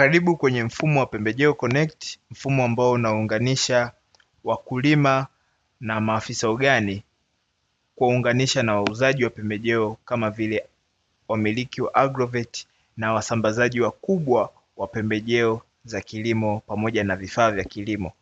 Karibu kwenye mfumo wa pembejeo connect, mfumo ambao unaunganisha wakulima na maafisa ugani kuwaunganisha na wauzaji wa pembejeo kama vile wamiliki wa agrovet na wasambazaji wakubwa wa pembejeo za kilimo pamoja na vifaa vya kilimo.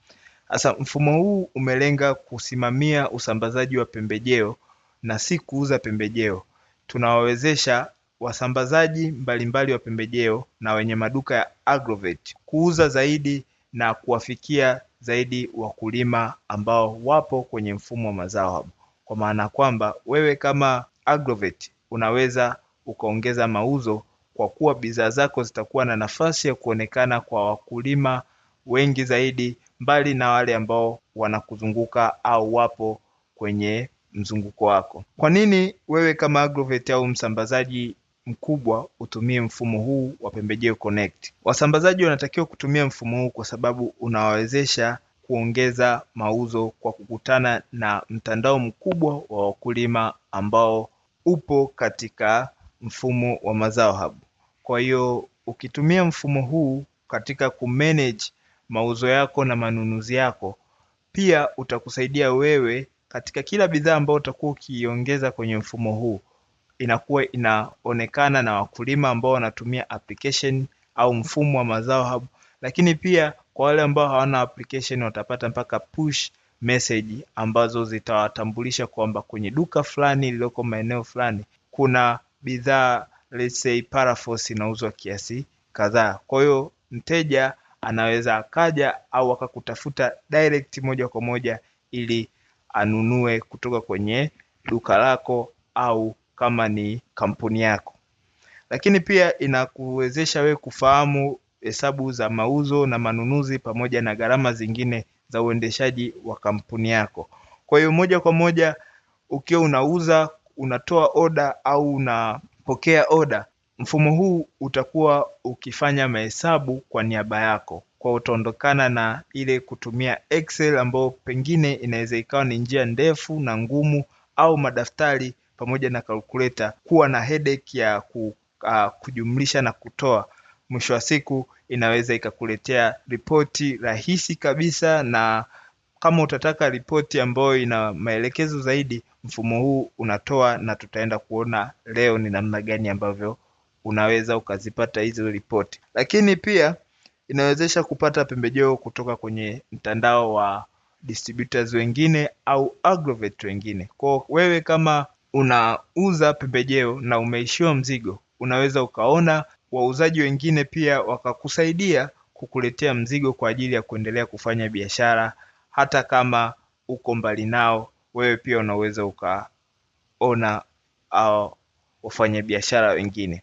Sasa mfumo huu umelenga kusimamia usambazaji wa pembejeo na si kuuza pembejeo. Tunawawezesha wasambazaji mbalimbali wa pembejeo na wenye maduka ya agrovet kuuza zaidi na kuwafikia zaidi wakulima ambao wapo kwenye mfumo wa mazao hapo. Kwa maana ya kwamba wewe kama agrovet unaweza ukaongeza mauzo kwa kuwa bidhaa zako zitakuwa na nafasi ya kuonekana kwa wakulima wengi zaidi, mbali na wale ambao wanakuzunguka au wapo kwenye mzunguko wako. Kwa nini wewe kama agrovet au msambazaji mkubwa utumie mfumo huu wa pembejeo Connect. Wasambazaji wanatakiwa kutumia mfumo huu kwa sababu unawawezesha kuongeza mauzo kwa kukutana na mtandao mkubwa wa wakulima ambao upo katika mfumo wa Mazao Hub. Kwa hiyo ukitumia mfumo huu katika kumanage mauzo yako na manunuzi yako, pia utakusaidia wewe katika kila bidhaa ambayo utakuwa ukiiongeza kwenye mfumo huu inakuwa inaonekana na wakulima ambao wanatumia application au mfumo wa mazao hub, lakini pia kwa wale ambao hawana application watapata mpaka push message ambazo zitawatambulisha kwamba kwenye duka fulani lililoko maeneo fulani kuna bidhaa let's say parafos inauzwa kiasi kadhaa. Kwa hiyo mteja anaweza akaja au akakutafuta direct moja kwa moja ili anunue kutoka kwenye duka lako au kama ni kampuni yako, lakini pia inakuwezesha wewe kufahamu hesabu za mauzo na manunuzi pamoja na gharama zingine za uendeshaji wa kampuni yako. Kwa hiyo moja kwa moja ukiwa unauza, unatoa oda au unapokea oda, mfumo huu utakuwa ukifanya mahesabu kwa niaba yako, kwa utaondokana na ile kutumia Excel ambayo pengine inaweza ikawa ni njia ndefu na ngumu au madaftari pamoja na kalkuleta kuwa na headache ya ku, uh, kujumlisha na kutoa, mwisho wa siku inaweza ikakuletea ripoti rahisi kabisa, na kama utataka ripoti ambayo ina maelekezo zaidi, mfumo huu unatoa, na tutaenda kuona leo ni namna gani ambavyo unaweza ukazipata hizo ripoti. Lakini pia inawezesha kupata pembejeo kutoka kwenye mtandao wa distributors wengine au agrovet wengine. Kwa wewe kama unauza pembejeo na umeishiwa mzigo, unaweza ukaona wauzaji wengine pia wakakusaidia kukuletea mzigo kwa ajili ya kuendelea kufanya biashara. Hata kama uko mbali nao, wewe pia unaweza ukaona wafanyabiashara wengine.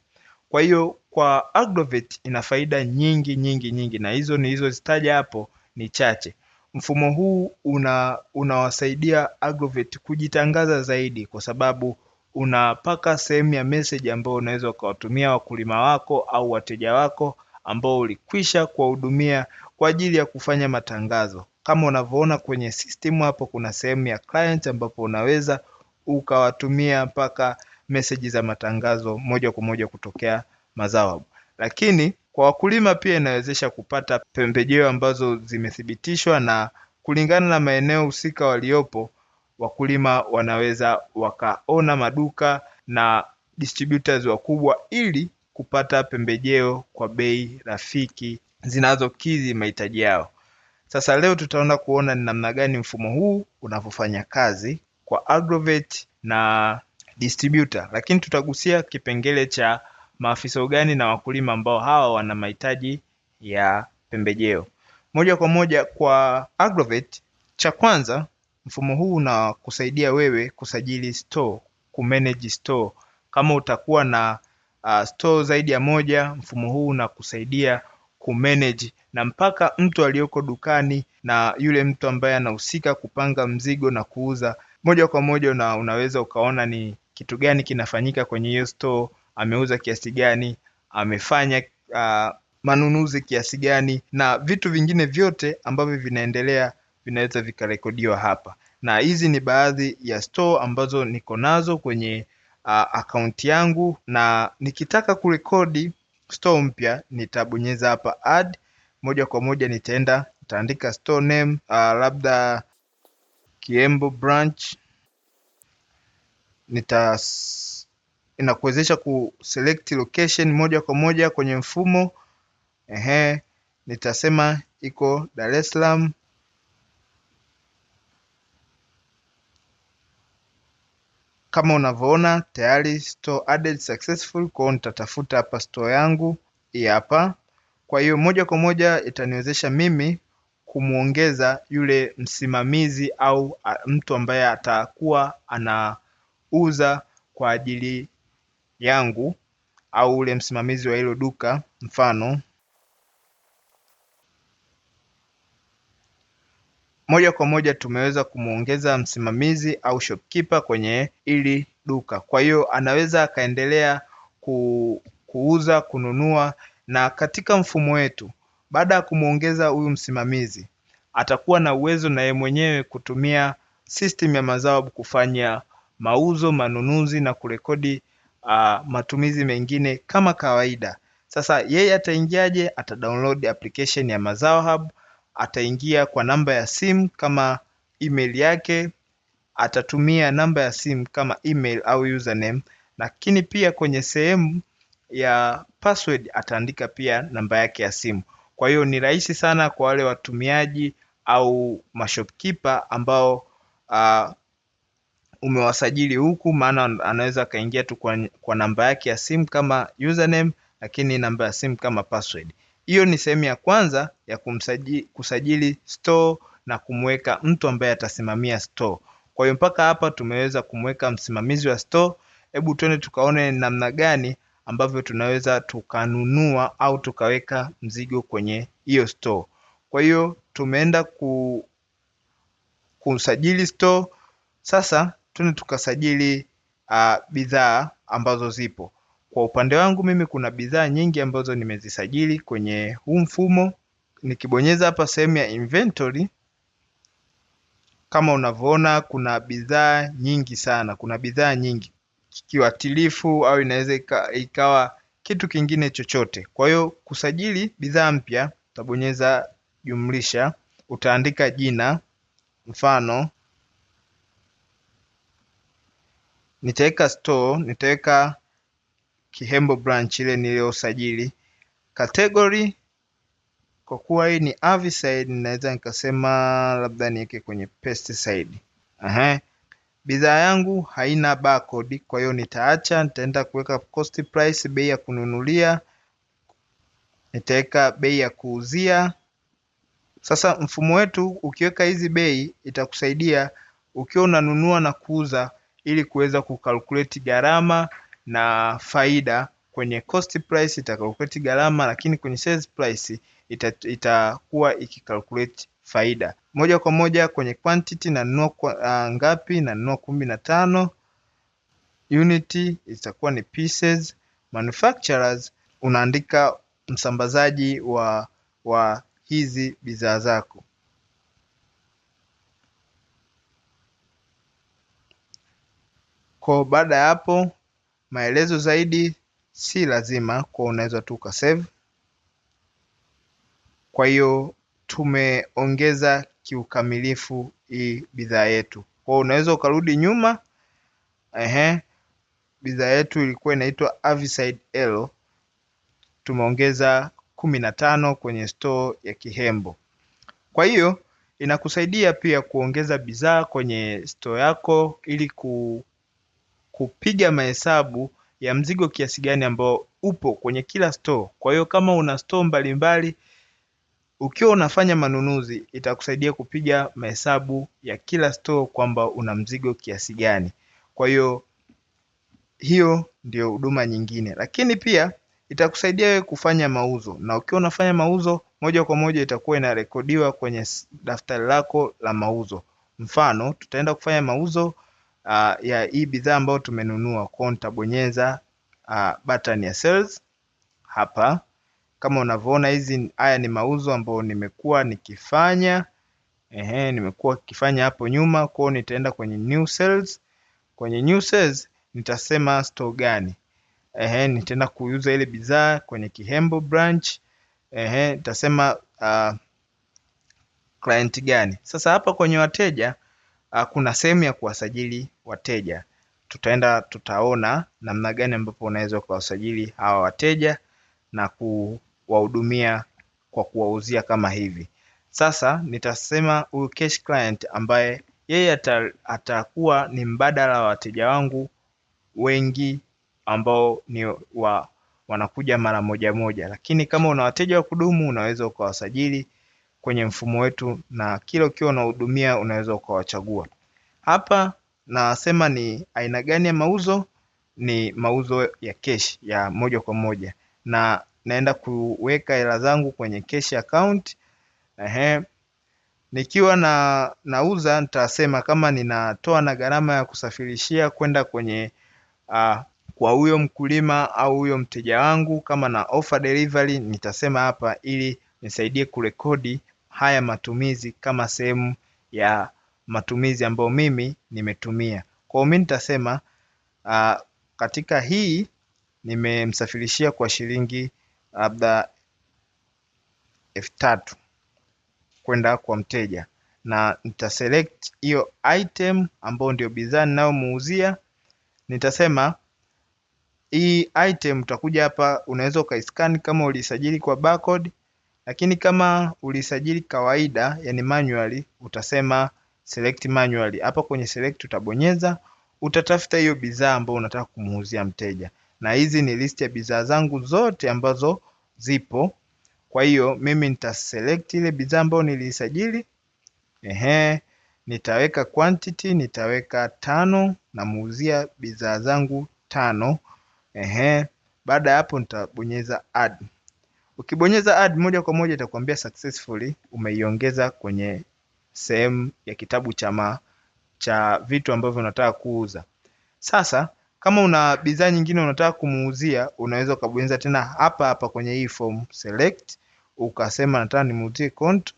Kwa hiyo kwa Agrovet ina faida nyingi nyingi nyingi, na hizo nilizozitaja hapo ni chache. Mfumo huu una unawasaidia Agrovet kujitangaza zaidi kwa sababu unapaka sehemu ya message ambayo unaweza ukawatumia wakulima wako au wateja wako ambao ulikwisha kuwahudumia kwa ajili ya kufanya matangazo. Kama unavyoona kwenye system hapo kuna sehemu ya client ambapo unaweza ukawatumia mpaka meseji za matangazo moja kwa moja kutokea mazao, Lakini kwa wakulima pia inawezesha kupata pembejeo ambazo zimethibitishwa na kulingana na maeneo husika waliopo, wakulima wanaweza wakaona maduka na distributors wakubwa ili kupata pembejeo kwa bei rafiki zinazokidhi mahitaji yao. Sasa leo tutaona kuona ni namna gani mfumo huu unavyofanya kazi kwa agrovet na distributor, lakini tutagusia kipengele cha maafisa ugani na wakulima ambao hawa wana mahitaji ya pembejeo. Moja kwa moja kwa Agrovet, cha kwanza mfumo huu unakusaidia wewe kusajili store, kumanage store. Kama utakuwa na uh, store zaidi ya moja, mfumo huu unakusaidia kumanage na mpaka mtu aliyoko dukani na yule mtu ambaye anahusika kupanga mzigo na kuuza moja kwa moja na unaweza ukaona ni kitu gani kinafanyika kwenye hiyo store ameuza kiasi gani, amefanya uh, manunuzi kiasi gani, na vitu vingine vyote ambavyo vinaendelea vinaweza vikarekodiwa hapa, na hizi ni baadhi ya store ambazo niko nazo kwenye uh, ah, akaunti yangu, na nikitaka kurekodi store mpya nitabonyeza hapa add, moja kwa moja nitaenda nitaandika store name uh, labda Kiembo branch nita inakuwezesha select location moja kwa moja kwenye mfumo. Ehe, nitasema iko Dar es Salaam. Kama unavyoona tayari store added successful, kwa hiyo nitatafuta hapa store yangu hii hapa. Kwa hiyo moja kwa moja itaniwezesha mimi kumwongeza yule msimamizi au mtu ambaye atakuwa anauza kwa ajili yangu au ule msimamizi wa hilo duka mfano moja kwa moja tumeweza kumwongeza msimamizi au shopkeeper kwenye ili duka. Kwa hiyo anaweza akaendelea ku, kuuza, kununua na katika mfumo wetu, baada ya kumwongeza huyu msimamizi, atakuwa na uwezo na yeye mwenyewe kutumia system ya mazao kufanya mauzo, manunuzi na kurekodi uh, matumizi mengine kama kawaida. Sasa yeye ataingiaje? Atadownload application ya Mazao Hub, ataingia kwa namba ya simu kama email yake, atatumia namba ya simu kama email au username, lakini pia kwenye sehemu ya password ataandika pia namba yake ya simu. Kwa hiyo ni rahisi sana kwa wale watumiaji au mashopkeeper ambao uh, umewasajili huku, maana anaweza akaingia tu kwa, kwa namba yake ya simu kama username, lakini namba ya simu kama password. Hiyo ni sehemu ya kwanza ya kumsajili, kusajili store na kumweka mtu ambaye atasimamia store. Kwa hiyo mpaka hapa tumeweza kumweka msimamizi wa store. Hebu tuende tukaone namna gani ambavyo tunaweza tukanunua au tukaweka mzigo kwenye hiyo store. Kwa hiyo tumeenda ku, kusajili store sasa twende tukasajili uh, bidhaa ambazo zipo. Kwa upande wangu mimi kuna bidhaa nyingi ambazo nimezisajili kwenye huu mfumo. Nikibonyeza hapa sehemu ya inventory, kama unavyoona kuna bidhaa nyingi sana, kuna bidhaa nyingi kiwatilifu au inaweza ikawa kitu kingine chochote. Kwa hiyo kusajili bidhaa mpya utabonyeza jumlisha, utaandika jina, mfano Nitaweka store, nitaweka Kihembo branch ile niliyosajili. Category kwa kuwa hii ni herbicide, ninaweza nikasema labda niweke kwenye pesticide. Aha. Bidhaa yangu haina barcode, kwa hiyo nitaacha, nitaenda kuweka cost price, bei ya kununulia, nitaweka bei ya kuuzia. Sasa mfumo wetu ukiweka hizi bei itakusaidia ukiwa unanunua na kuuza ili kuweza kukalkuleti gharama na faida kwenye cost price itakalkuleti gharama, lakini kwenye sales price itakuwa ikikalkuleti faida moja kwa moja kwenye quantity. Nanunua uh, ngapi? nunua kumi na tano. Unity itakuwa ni pieces. Manufacturers unaandika msambazaji wa, wa hizi bidhaa zako. Kwa baada ya hapo maelezo zaidi si lazima kwa unaweza tu ka save. Kwa hiyo tumeongeza kiukamilifu hii bidhaa yetu. Kwa unaweza ukarudi nyuma. Ehe, bidhaa yetu ilikuwa inaitwa Aviside L. Tumeongeza kumi na tano kwenye store ya Kihembo. Kwa hiyo inakusaidia pia kuongeza bidhaa kwenye store yako ili ku kupiga mahesabu ya mzigo kiasi gani ambao upo kwenye kila store. Kwa hiyo kama una store mbalimbali, ukiwa unafanya manunuzi itakusaidia kupiga mahesabu ya kila store kwamba una mzigo kiasi gani. Kwa hiyo hiyo ndio huduma nyingine, lakini pia itakusaidia wewe kufanya mauzo, na ukiwa unafanya mauzo moja kwa moja itakuwa inarekodiwa kwenye daftari lako la mauzo. Mfano, tutaenda kufanya mauzo uh, ya hii bidhaa ambayo tumenunua kwao, nitabonyeza uh, button ya sales hapa. Kama unavyoona hizi, haya ni mauzo ambayo nimekuwa nikifanya ehe, nimekuwa kifanya hapo nyuma hiyo Nitaenda kwenye new sales. Kwenye new sales nitasema store gani? Ehe, nitaenda kuuza ile bidhaa kwenye Kihembo branch. Ehe, nitasema uh, client gani? Sasa hapa kwenye wateja Ah, kuna sehemu ya kuwasajili wateja. Tutaenda tutaona namna gani ambapo unaweza ukawasajili hawa wateja na kuwahudumia kwa kuwauzia kama hivi. Sasa nitasema huyu cash client ambaye yeye atakuwa ni mbadala wa wateja wangu wengi ambao ni wa, wanakuja mara moja moja, lakini kama una wateja wa kudumu unaweza ukawasajili kwenye mfumo wetu, na kila ukiwa unahudumia unaweza ukawachagua. Hapa nasema ni aina gani ya mauzo, ni mauzo ya cash ya moja kwa moja, na naenda kuweka hela zangu kwenye cash account. Ehe, nikiwa na nauza nitasema kama ninatoa na gharama ya kusafirishia kwenda kwenye uh, kwa huyo mkulima au huyo mteja wangu. Kama na offer delivery nitasema hapa, ili nisaidie kurekodi haya matumizi kama sehemu ya matumizi ambayo mimi nimetumia. Kwa hiyo mimi nitasema uh, katika hii nimemsafirishia kwa shilingi labda elfu tatu kwenda kwa mteja, na nitaselect hiyo item ambayo ndio bidhaa ninayomuuzia. Nitasema hii item utakuja hapa, unaweza ukaiskani kama ulisajili kwa barcode lakini kama ulisajili kawaida yani manually, utasema select manually. Hapa kwenye select utabonyeza, utatafuta hiyo bidhaa ambayo unataka kumuuzia mteja, na hizi ni list ya bidhaa zangu zote ambazo zipo. Kwa hiyo mimi nitaselect ile bidhaa ambayo nilisajili. Ehe, nitaweka quantity, nitaweka tano, namuuzia bidhaa zangu tano. Ehe, baada ya hapo nitabonyeza add. Ukibonyeza add moja kwa moja itakwambia successfully umeiongeza kwenye sehemu ya kitabu cha ma, cha vitu ambavyo unataka kuuza. Sasa kama una bidhaa nyingine unataka kumuuzia, unaweza ukabonyeza tena hapa hapa kwenye hii form select, ukasema nataka nimuuzie count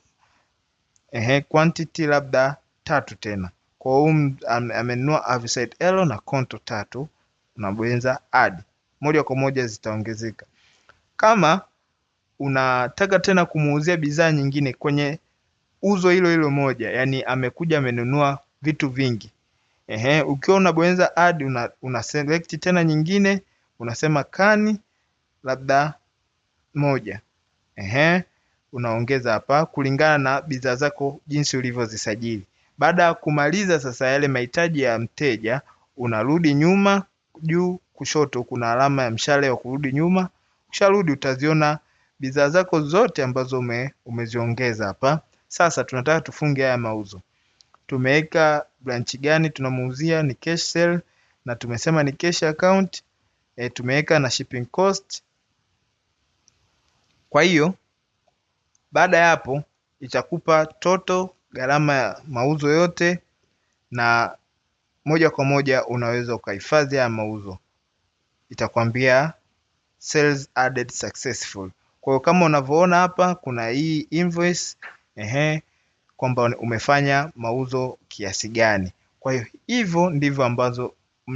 ehe, quantity labda tatu tena. Kwa hiyo um, amenunua Avisite Elo na Konto tatu, unabonyeza add, moja kwa moja zitaongezeka. Kama unataka tena kumuuzia bidhaa nyingine kwenye uzo hilo hilo moja, yani amekuja amenunua vitu vingi. Ehe, ukiwa unabonyeza add una, una select tena nyingine unasema kani labda moja. Ehe, unaongeza hapa kulingana na bidhaa zako jinsi ulivyozisajili. Baada ya kumaliza sasa yale mahitaji ya mteja, unarudi nyuma, juu kushoto kuna alama ya mshale wa kurudi nyuma. Ukisharudi utaziona bidhaa zako zote ambazo ume, umeziongeza hapa. Sasa tunataka tufunge haya mauzo. Tumeweka branch gani tunamuuzia, ni cash sell na tumesema ni cash account e, tumeweka na shipping cost. Kwa hiyo baada ya hapo itakupa total gharama ya mauzo yote, na moja kwa moja unaweza ukahifadhi haya mauzo, itakwambia sales added successful. Kwa hiyo kama unavyoona hapa kuna hii invoice ehe, kwamba umefanya mauzo kiasi gani. Kwa hiyo hivyo ndivyo ambazo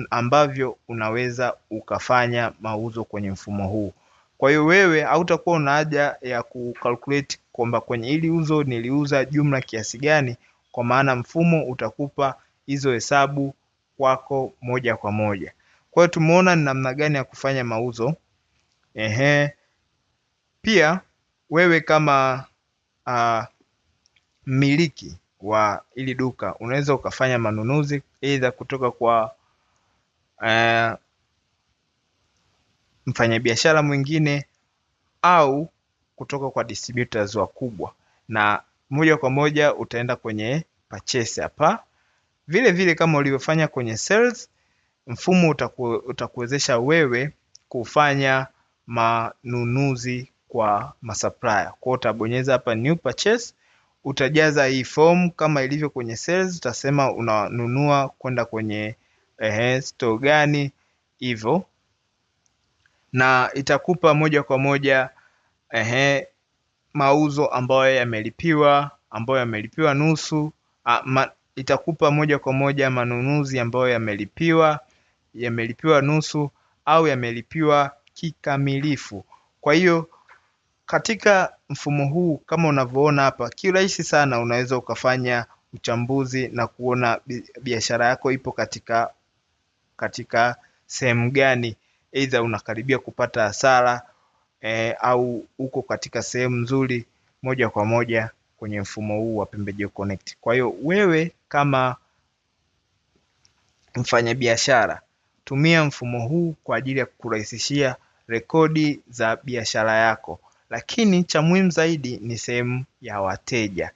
ambavyo unaweza ukafanya mauzo kwenye mfumo huu. Kwa hiyo wewe hautakuwa una haja ya kucalculate kwamba kwenye hili uzo niliuza jumla kiasi gani, kwa maana mfumo utakupa hizo hesabu kwako moja kwa moja. Kwa hiyo tumeona ni namna gani ya kufanya mauzo ehe, pia wewe kama mmiliki wa ili duka unaweza ukafanya manunuzi aidha kutoka kwa uh, mfanyabiashara mwingine au kutoka kwa distributors wakubwa, na moja kwa moja utaenda kwenye purchase hapa. Vile vile kama ulivyofanya kwenye sales, mfumo utaku, utakuwezesha wewe kufanya manunuzi kwa masupplier. Kwa utabonyeza hapa new purchase, utajaza hii form kama ilivyo kwenye sales, utasema unanunua kwenda kwenye eh, store gani hivyo, na itakupa moja kwa moja eh, mauzo ambayo yamelipiwa ambayo yamelipiwa nusu a, ma, itakupa moja kwa moja manunuzi ambayo yamelipiwa yamelipiwa nusu au yamelipiwa kikamilifu. Kwa hiyo katika mfumo huu kama unavyoona hapa, kiurahisi sana unaweza ukafanya uchambuzi na kuona biashara yako ipo katika, katika sehemu gani, aidha unakaribia kupata hasara e, au uko katika sehemu nzuri moja kwa moja kwenye mfumo huu wa pembejeo Connect. Kwa hiyo wewe kama mfanyabiashara tumia mfumo huu kwa ajili ya kukurahisishia rekodi za biashara yako lakini cha muhimu zaidi ni sehemu ya wateja.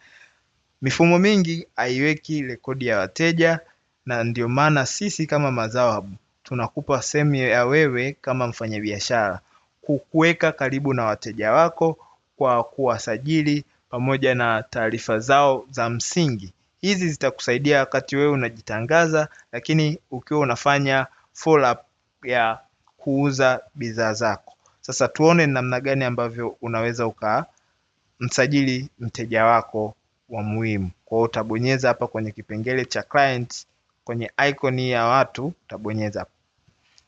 Mifumo mingi haiweki rekodi ya wateja, na ndio maana sisi kama Mazao Hub tunakupa sehemu ya wewe kama mfanyabiashara kukuweka karibu na wateja wako kwa kuwasajili pamoja na taarifa zao za msingi. Hizi zitakusaidia wakati wewe unajitangaza, lakini ukiwa unafanya follow up ya kuuza bidhaa zako. Sasa tuone namna gani ambavyo unaweza ukamsajili mteja wako wa muhimu. Kwa hiyo utabonyeza hapa kwenye kipengele cha client, kwenye icon ya watu utabonyeza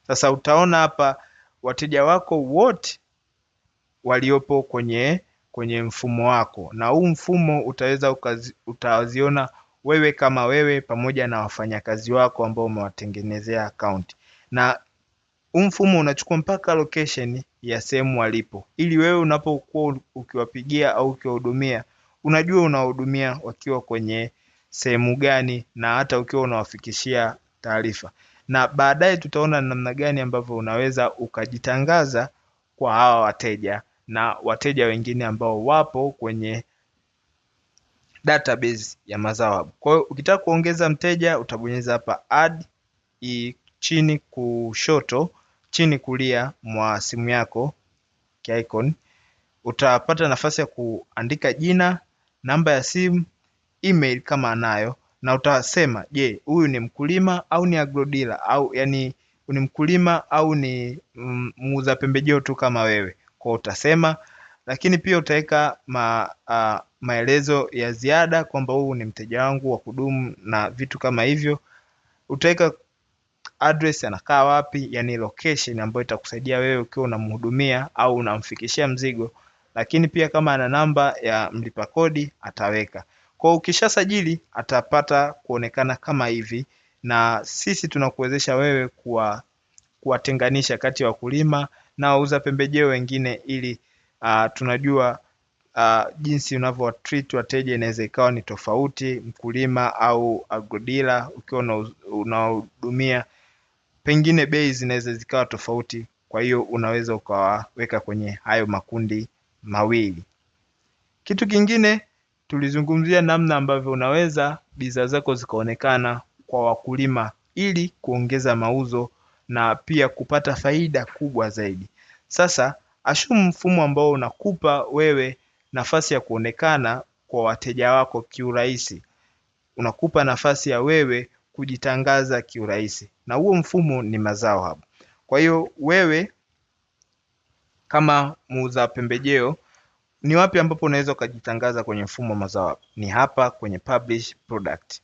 Sasa utaona hapa wateja wako wote waliopo kwenye kwenye mfumo wako, na huu mfumo utaweza ukazi, utaziona wewe kama wewe pamoja na wafanyakazi wako ambao umewatengenezea akaunti, na huu mfumo unachukua mpaka location ya sehemu walipo, ili wewe unapokuwa ukiwapigia au ukiwahudumia, unajua unawahudumia wakiwa kwenye sehemu gani, na hata ukiwa unawafikishia taarifa. Na baadaye tutaona namna gani ambavyo unaweza ukajitangaza kwa hawa wateja na wateja wengine ambao wapo kwenye database ya MazaoHub. Kwa hiyo ukitaka kuongeza mteja utabonyeza hapa add chini kushoto chini kulia mwa simu yako ki utapata nafasi ya kuandika jina, namba ya simu, email kama anayo, na utasema je, huyu ni mkulima au ni agrodila au yani ni mkulima au ni mm, muuza pembejeo tu kama wewe, kwa utasema lakini pia utaweka ma, uh, maelezo ya ziada kwamba huu ni mteja wangu wa kudumu na vitu kama hivyo utaweka address anakaa wapi, yani location ambayo itakusaidia wewe ukiwa unamhudumia au unamfikishia mzigo, lakini pia kama ana namba ya mlipa kodi ataweka. Kwa sajili atapata kuonekana kama hivi, na sisi tunakuwezesha wewe kuwa kuwatenganisha kati ya wakulima na wauza pembejeo wengine, ili uh, tunajua uh, jinsi unavyowatreat wateja inaweza ikawa ni tofauti, mkulima au agrodila ukiwa unahudumia pengine bei zinaweza zikawa tofauti, kwa hiyo unaweza ukawaweka kwenye hayo makundi mawili. Kitu kingine tulizungumzia namna ambavyo unaweza bidhaa zako zikaonekana kwa wakulima ili kuongeza mauzo na pia kupata faida kubwa zaidi. Sasa ashumu mfumo ambao unakupa wewe nafasi ya kuonekana kwa wateja wako kiurahisi, unakupa nafasi ya wewe kujitangaza kiurahisi, na huo mfumo ni mazao hapo. Kwa hiyo wewe kama muuza pembejeo ni wapi ambapo unaweza ukajitangaza kwenye mfumo wa mazao hapo? Ni hapa kwenye publish product.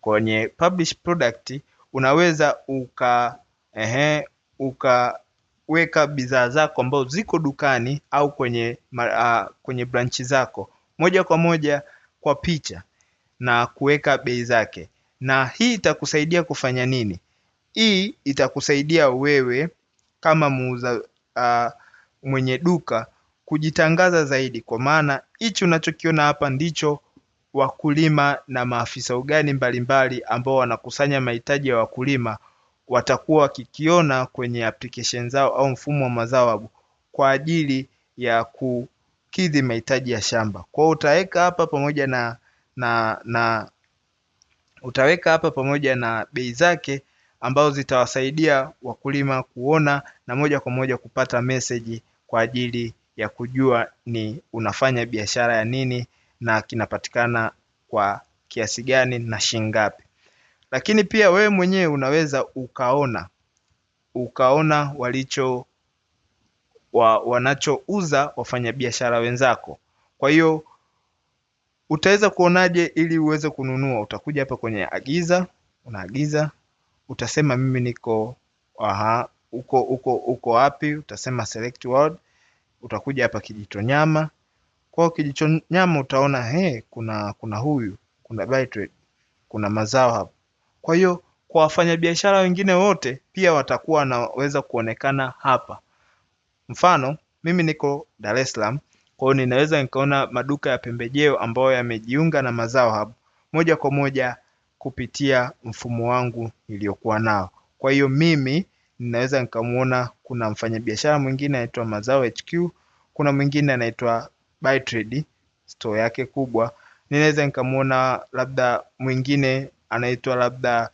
Kwenye publish product unaweza uka ehe, ukaweka bidhaa zako ambazo ziko dukani au kwenye uh, kwenye branchi zako moja kwa moja kwa picha na kuweka bei zake na hii itakusaidia kufanya nini? Hii itakusaidia wewe kama muuza uh, mwenye duka kujitangaza zaidi, kwa maana hichi unachokiona hapa ndicho wakulima na maafisa ugani mbalimbali ambao wanakusanya mahitaji ya wakulima watakuwa wakikiona kwenye application zao au mfumo wa mazao kwa ajili ya kukidhi mahitaji ya shamba. Kwa hiyo utaweka hapa pamoja na, na, na Utaweka hapa pamoja na bei zake ambazo zitawasaidia wakulima kuona na moja kwa moja kupata meseji kwa ajili ya kujua ni unafanya biashara ya nini na kinapatikana kwa kiasi gani na shingapi. Lakini pia wewe mwenyewe unaweza ukaona ukaona walicho wa, wanachouza wafanyabiashara wenzako. Kwa hiyo Utaweza kuonaje ili uweze kununua? Utakuja hapa kwenye agiza, unaagiza, utasema mimi niko aha, uko uko uko wapi? Utasema select world, utakuja hapa kijito nyama. Kwa kijito nyama utaona he, kuna kuna huyu, kuna buy trade, kuna mazao hapo. Kwa hiyo kwa wafanyabiashara wengine wote pia watakuwa wanaweza kuonekana hapa. Mfano mimi niko Dar es Salaam kwa hiyo ninaweza nikaona maduka ya pembejeo ambayo yamejiunga na Mazao Hub moja kwa moja kupitia mfumo wangu niliokuwa nao. Kwa hiyo mimi ninaweza nikamwona kuna mfanyabiashara mwingine anaitwa Mazao HQ, kuna mwingine anaitwa Bytrade store yake kubwa, ninaweza nikamwona labda mwingine anaitwa labda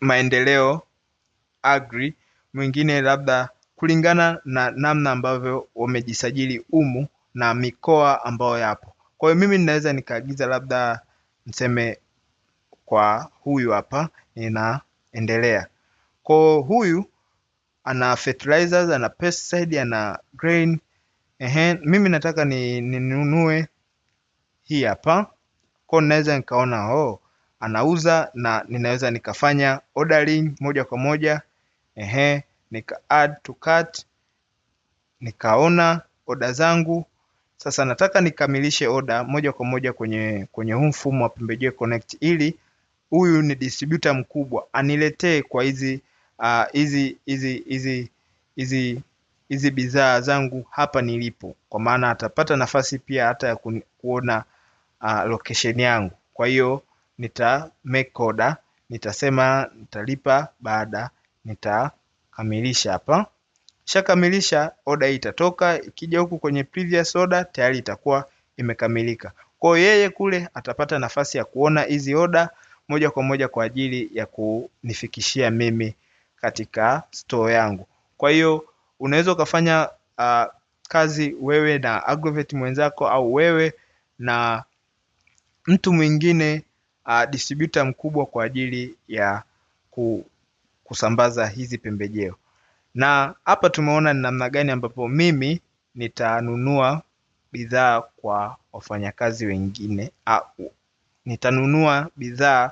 Maendeleo Agri, mwingine labda kulingana na namna ambavyo wamejisajili umu na mikoa ambayo yapo. Kwa hiyo mimi ninaweza nikaagiza labda mseme kwa huyu hapa ninaendelea. Kwa huyu ana fertilizers, ana pesticide, ana grain. Ehe, mimi nataka ninunue ni hii hapa. Kwa ninaweza nikaona oh, anauza na ninaweza nikafanya ordering moja kwa moja. Ehe, nika add to cart, nikaona oda zangu. Sasa nataka nikamilishe oda moja kwa moja kwenye, kwenye huu mfumo wa pembejeo Connect ili huyu ni distributor mkubwa aniletee kwa hizi ah, hizi hizi hizi hizi hizi bidhaa zangu hapa nilipo, kwa maana atapata nafasi pia hata ya kuona uh, location yangu. Kwa hiyo nita make order, nitasema nitalipa baada, nita kamilisha hapa. kamilisha, oda hii itatoka, ikija huku kwenye previous order tayari itakuwa imekamilika. Kwa hiyo yeye kule atapata nafasi ya kuona hizi oda moja kwa moja kwa ajili ya kunifikishia mimi katika store yangu. Kwa hiyo unaweza ukafanya uh, kazi wewe na agrovet mwenzako au wewe na mtu mwingine uh, distributor mkubwa kwa ajili ya ku kusambaza hizi pembejeo. Na hapa tumeona ni namna gani ambapo mimi nitanunua bidhaa kwa wafanyakazi wengine au nitanunua bidhaa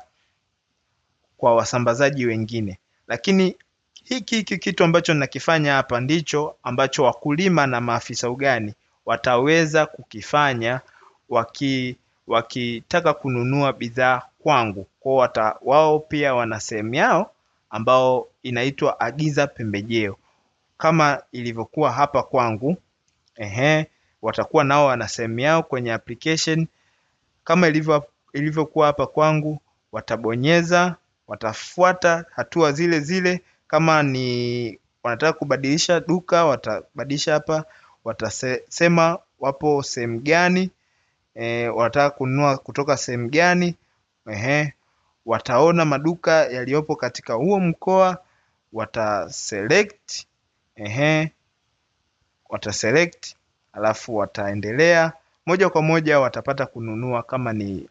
kwa wasambazaji wengine, lakini hiki hiki kitu ambacho nakifanya hapa ndicho ambacho wakulima na maafisa ugani wataweza kukifanya waki wakitaka kununua bidhaa kwangu kwao, wao pia wana sehemu yao ambao inaitwa agiza pembejeo kama ilivyokuwa hapa kwangu. Ehe, watakuwa nao wana sehemu yao kwenye application kama ilivyo ilivyokuwa hapa kwangu, watabonyeza, watafuata hatua zile zile. Kama ni wanataka kubadilisha duka, watabadilisha hapa, watasema wapo sehemu gani, e, wanataka kununua kutoka sehemu gani. Ehe, wataona maduka yaliyopo katika huo mkoa, wataselect ehe, wataselect alafu wataendelea moja kwa moja watapata kununua kama ni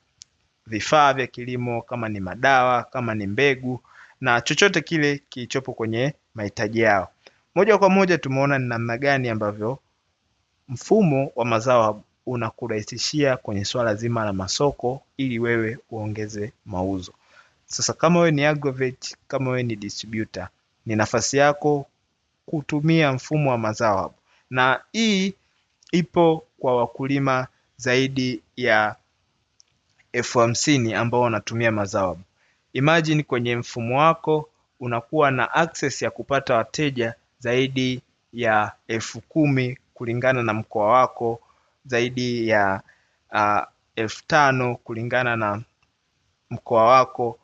vifaa vya kilimo, kama ni madawa, kama ni mbegu na chochote kile kilichopo kwenye mahitaji yao. Moja kwa moja tumeona ni namna gani ambavyo mfumo wa mazao unakurahisishia kwenye swala zima la masoko ili wewe uongeze mauzo. Sasa kama we ni aggregate, kama we ni distributor, ni nafasi yako kutumia mfumo wa mazao hapo, na hii ipo kwa wakulima zaidi ya elfu hamsini ambao wanatumia mazao hapo. Imagine kwenye mfumo wako unakuwa na access ya kupata wateja zaidi ya elfu kumi kulingana na mkoa wako, zaidi ya uh, elfu tano kulingana na mkoa wako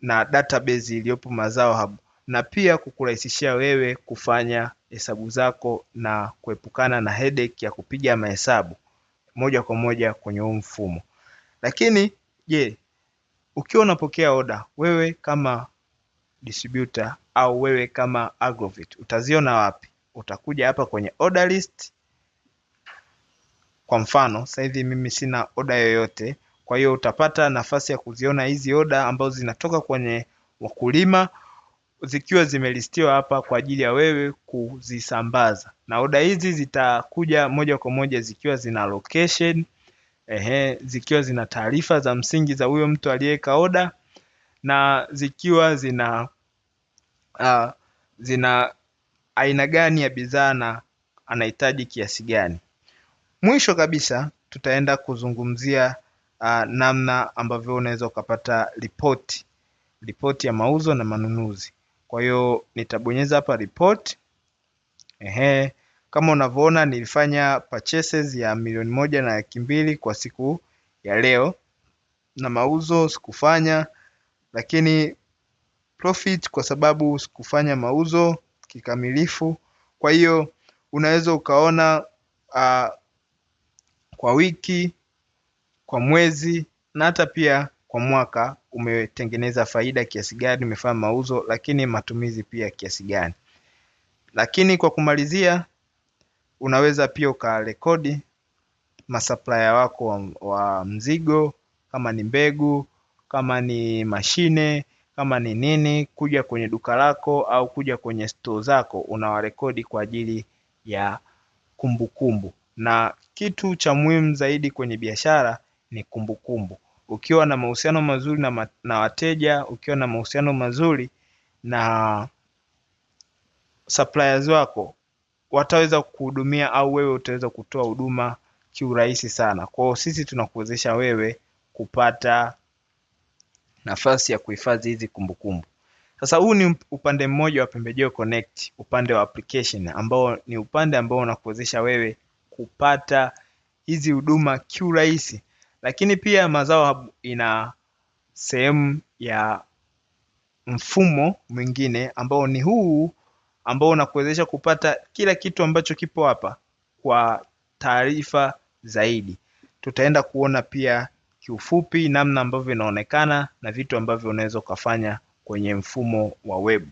na database iliyopo Mazao Hub na pia kukurahisishia wewe kufanya hesabu zako na kuepukana na headache ya kupiga mahesabu moja kwa moja kwenye huu mfumo. Lakini je, ukiwa unapokea oda wewe kama distributor au wewe kama Agrovet utaziona wapi? Utakuja hapa kwenye order list. Kwa mfano sasa hivi mimi sina oda yoyote, kwa hiyo utapata nafasi ya kuziona hizi oda ambazo zinatoka kwenye wakulima zikiwa zimelistiwa hapa kwa ajili ya wewe kuzisambaza, na oda hizi zitakuja moja kwa moja zikiwa zina location ehe, zikiwa zina taarifa za msingi za huyo mtu aliyeweka oda na zikiwa zina uh, zina aina gani ya bidhaa na anahitaji kiasi gani. Mwisho kabisa tutaenda kuzungumzia uh, namna ambavyo unaweza ukapata ripoti ripoti ya mauzo na manunuzi. Kwa hiyo nitabonyeza hapa report. Ehe, kama unavyoona nilifanya purchases ya milioni moja na laki mbili kwa siku ya leo, na mauzo sikufanya, lakini profit kwa sababu sikufanya mauzo kikamilifu. Kwa hiyo unaweza ukaona uh, kwa wiki kwa mwezi na hata pia kwa mwaka umetengeneza faida kiasi gani, umefanya mauzo, lakini matumizi pia kiasi gani. Lakini kwa kumalizia, unaweza pia ukarekodi masaplaya wako wa, wa mzigo kama ni mbegu, kama ni mashine, kama ni nini, kuja kwenye duka lako au kuja kwenye stoo zako, unawarekodi kwa ajili ya kumbukumbu kumbu. Na kitu cha muhimu zaidi kwenye biashara ni kumbukumbu. Ukiwa na mahusiano mazuri na, ma na wateja, ukiwa na mahusiano mazuri na suppliers wako, wataweza kuhudumia au wewe utaweza kutoa huduma kiurahisi sana. Kwa hiyo sisi tunakuwezesha wewe kupata nafasi ya kuhifadhi hizi kumbukumbu. Sasa huu ni upande mmoja wa pembejeo Connect, upande wa application ambao ni upande ambao unakuwezesha wewe kupata hizi huduma kiurahisi lakini pia mazao hub ina sehemu ya mfumo mwingine ambao ni huu ambao unakuwezesha kupata kila kitu ambacho kipo hapa kwa taarifa zaidi. Tutaenda kuona pia kiufupi namna ambavyo inaonekana na vitu ambavyo unaweza ukafanya kwenye mfumo wa web.